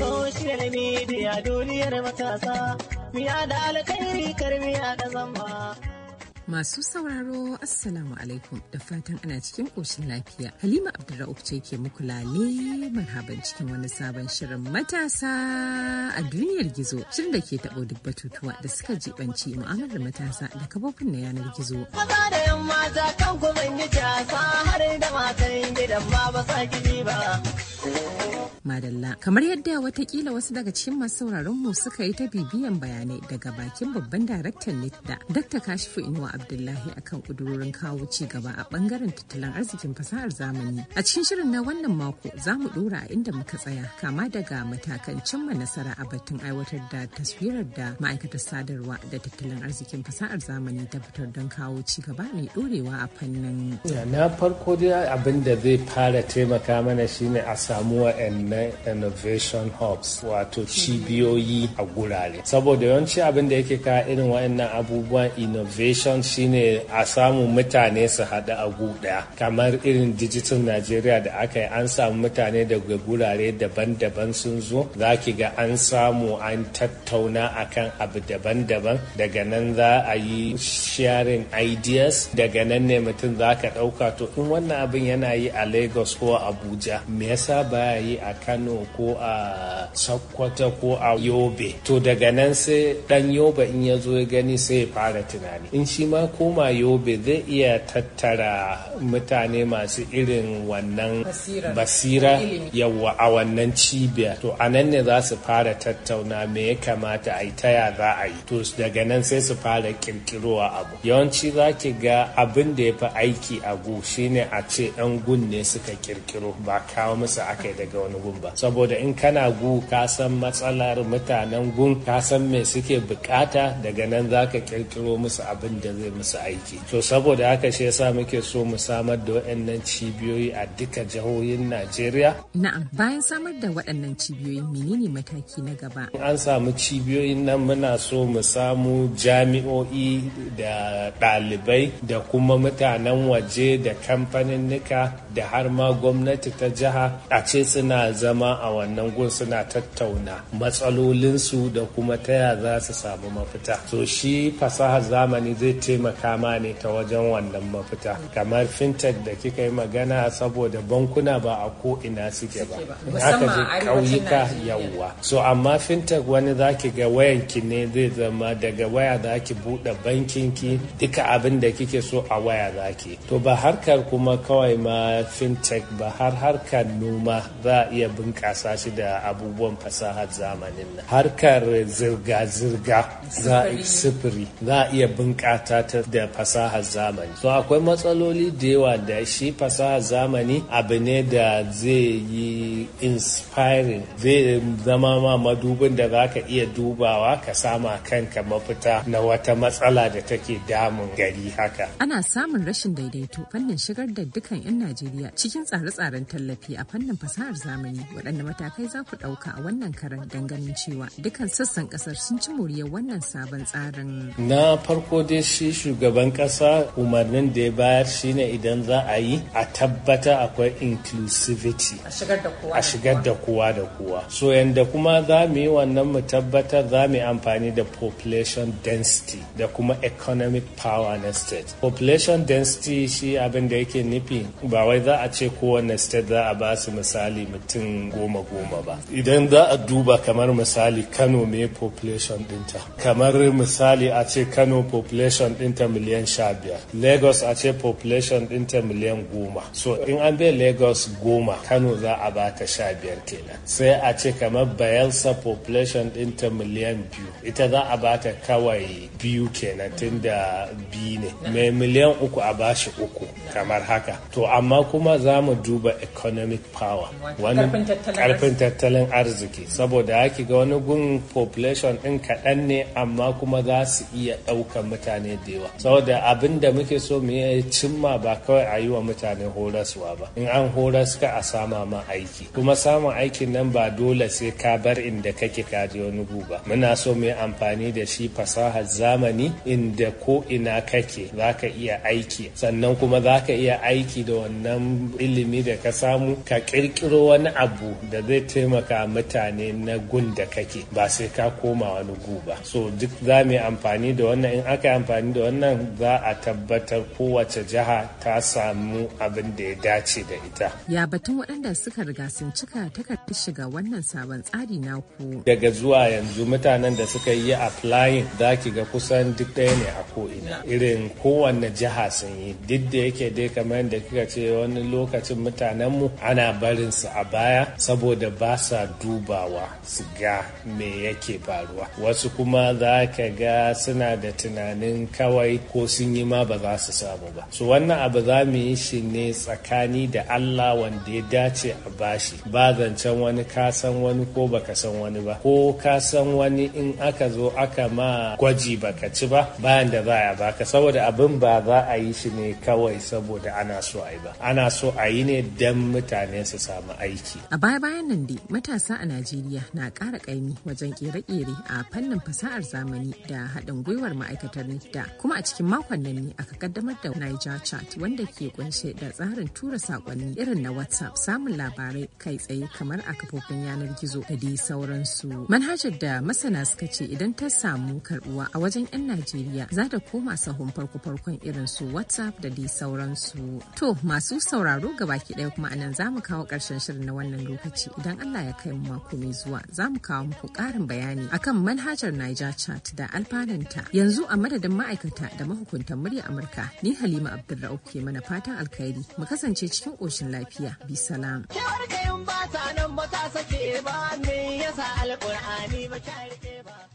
Social media duniyar matasa, miya da alkhairi karmiya da zamba. Masu sauraro Assalamu alaikum da fatan ana cikin ƙoshin lafiya. Halima Abdulra'uf ce ke muku lale marhaban cikin wani sabon shirin matasa a duniyar gizo. Shirin da ke taɓo duk batutuwa da suka jibanci mu'amalar matasa da kafofin na yanar gizo. Maza da yamma kamar yadda watakila wasu daga cikin masu sauraron mu suka yi ta bibiyan bayanai daga bakin babban daraktan nitda dr kashifu inuwa abdullahi akan kudurorin kawo ci gaba a bangaren tattalin arzikin fasahar zamani a cikin shirin na wannan mako za mu dora a inda muka tsaya kama daga matakan cimma nasara a batun aiwatar da taswirar da ma'aikatar sadarwa da tattalin arzikin fasahar zamani ta fitar don kawo ci gaba mai dorewa a fannin na farko dai abin da zai fara taimaka mana shine a samu wa'annan innovation hubs wato cibiyoyi a gurare saboda yawanci abin da yake ka irin wayannan abubuwan innovation shine a samu mutane su haɗu a gu kamar irin digital nigeria da aka yi an samu mutane daga gurare daban-daban sun zo za ki ga an samu an tattauna akan abu daban-daban daga nan za a yi sharing ideas daga nan ne mutum za ka ɗauka to in wannan abin yana yi a Lagos ko Abuja me yasa baya yi a Kano ko a sakkwata ko a yobe to daga nan sai dan yobe in ya zo ya gani sai ya fara tunani in shi ma koma yobe zai iya tattara mutane masu irin wannan basira yawa a wannan cibiyar to a nan ne za su fara tattauna me ya kamata a yi ta za a yi to daga nan sai su fara kirkirowa abu yawanci za ki ga abin da ya fi aiki a gu shine a ce yan gun ne suka kirkiro ba kawo musu aka daga wani gun ba saboda saboda in kana gu ka san matsalar mutanen gun ka san me suke bukata daga nan za ka kirkiro musu abin da zai musu aiki to saboda haka shi yasa muke so mu samar da waɗannan cibiyoyi a duka jihohin najeriya na'am bayan samar da waɗannan cibiyoyi menene mataki na gaba an samu cibiyoyin nan muna so mu samu jami'o'i da ɗalibai da kuma mutanen waje da kamfanin nika da har ma gwamnati ta jiha a ce suna zama a wannan gun suna tattauna matsalolinsu da kuma ta ya za su samu mafita so shi fasahar zamani zai taimaka ma ne ta wajen wannan mafita kamar fintech da kika yi magana saboda bankuna ba a ko ina suke ba haka je ƙauyuka yawwa so amma fintech wani zaki ga wayanki ne zai zama daga waya zaki buɗe bankinki duka abin da kike so a waya zaki to ba harkar kuma kawai ma fintech ba har harkar noma za a iya bunƙasa bunƙasa shi da abubuwan fasahar zamanin nan harkar zirga-zirga za a sifiri za a iya bunƙata ta da fasahar zamani so akwai matsaloli da yawa da shi fasahar zamani abu ne da zai yi inspiring zai zama ma madubin da za ka iya dubawa ka sama kanka mafita na wata matsala da take damun gari haka ana samun rashin daidaito fannin shigar da dukkan 'yan najeriya cikin tsare-tsaren tallafi a fannin fasahar zamani waɗanda matakai za ku ɗauka a wannan karan ganin cewa dukkan sassan ƙasar sun ci moriyar wannan sabon tsarin. Na farko dai shi shugaban ƙasa umarnin da ya bayar shine idan za a yi a tabbata akwai inclusivity. A shigar da kowa da kowa. So yanda kuma za mu yi wannan mu tabbatar za mu yi amfani da population density da kuma economic power na state. Population density shi abin da yake nufi ba wai za a ce kowane state za a ba su misali mutum goma goma goma ba idan za a duba kamar misali kano me population dinta kamar misali a ce kano population dinta miliyan sha biyar lagos a ce population dinta miliyan goma so in an bai lagos goma kano za a bata sha biyar kenan sai a ce kamar bayelsa population dinta miliyan biyu ita za a ba ta kawai biyu kenan tun da biyu ne mai miliyan uku a bashi uku kamar haka to amma kuma za mu duba economic power wani karfin tattalin arziki saboda yaki ga wani gun population ɗin kaɗan ne amma kuma za su iya ɗaukan mutane da yawa saboda abin da muke so mu yi cimma ba kawai a yi wa mutane horaswa ba in an horas ka a sama ma aiki kuma samun aikin nan ba dole sai ka bar inda kake ka je wani guba ba muna so mu yi amfani da shi fasahar zamani inda ko ina kake za ka iya aiki sannan kuma za ka iya aiki da wannan ilimi da ka samu ka ƙirƙiro wani abu da da zai taimaka mutane na gun da kake ba sai ka koma wani gu ba so duk za mu yi amfani da wannan in aka yi amfani da wannan za a tabbatar kowace jiha ta samu abin da ya dace da ita ya batun waɗanda suka riga sun cika takardar shiga wannan sabon tsari na ku? daga zuwa yanzu mutanen da suka yi applying za ki ga kusan duk ɗaya ne a ko ina irin kowanne jiha sun yi duk da yake dai kamar yadda kika ce wani lokacin mutanenmu ana barinsu a baya saboda saboda ba sa dubawa su ga me yake faruwa wasu kuma za ka ga suna da tunanin kawai ko sun yi ma ba za su samu ba su wannan abu za mu yi shi ne tsakani da allah wanda ya dace a bashi ba zancen wani ka san wani ko baka san wani ba ko ka san wani in aka zo aka ma gwaji baka ci ba bayan da za a baka saboda abin ba za a yi shi ne kawai saboda ana so a yi ba ana so a yi ne don mutane su samu aiki bayan nan dai matasa a najeriya na ƙara ƙaimi wajen ƙere-ƙere a fannin fasahar zamani da haɗin gwiwar ma'aikatar nifda kuma a cikin makon nan ne aka kaddamar da niger chat wanda ke kunshe da tsarin tura saƙonni irin na whatsapp samun labarai kai tsaye kamar a kafofin yanar gizo da dai sauransu manhajar da masana suka ce idan ta samu karbuwa a wajen 'yan najeriya za ta koma sahun farko-farkon irin su whatsapp da dai sauransu to masu sauraro gabaki ɗaya kuma anan za mu kawo ƙarshen shirin na wannan lokaci idan Allah ya kai mu mako mai zuwa za mu kawo muku ƙarin bayani akan manhajar Niger Chat da alfananta. Yanzu a madadin ma'aikata da mahukuntan murya Amurka ni Halima Abdulrauf ke mana fatan alkhairi mu kasance cikin ƙoshin lafiya. Bi salam. ba nan ba ta yasa alƙur'ani ba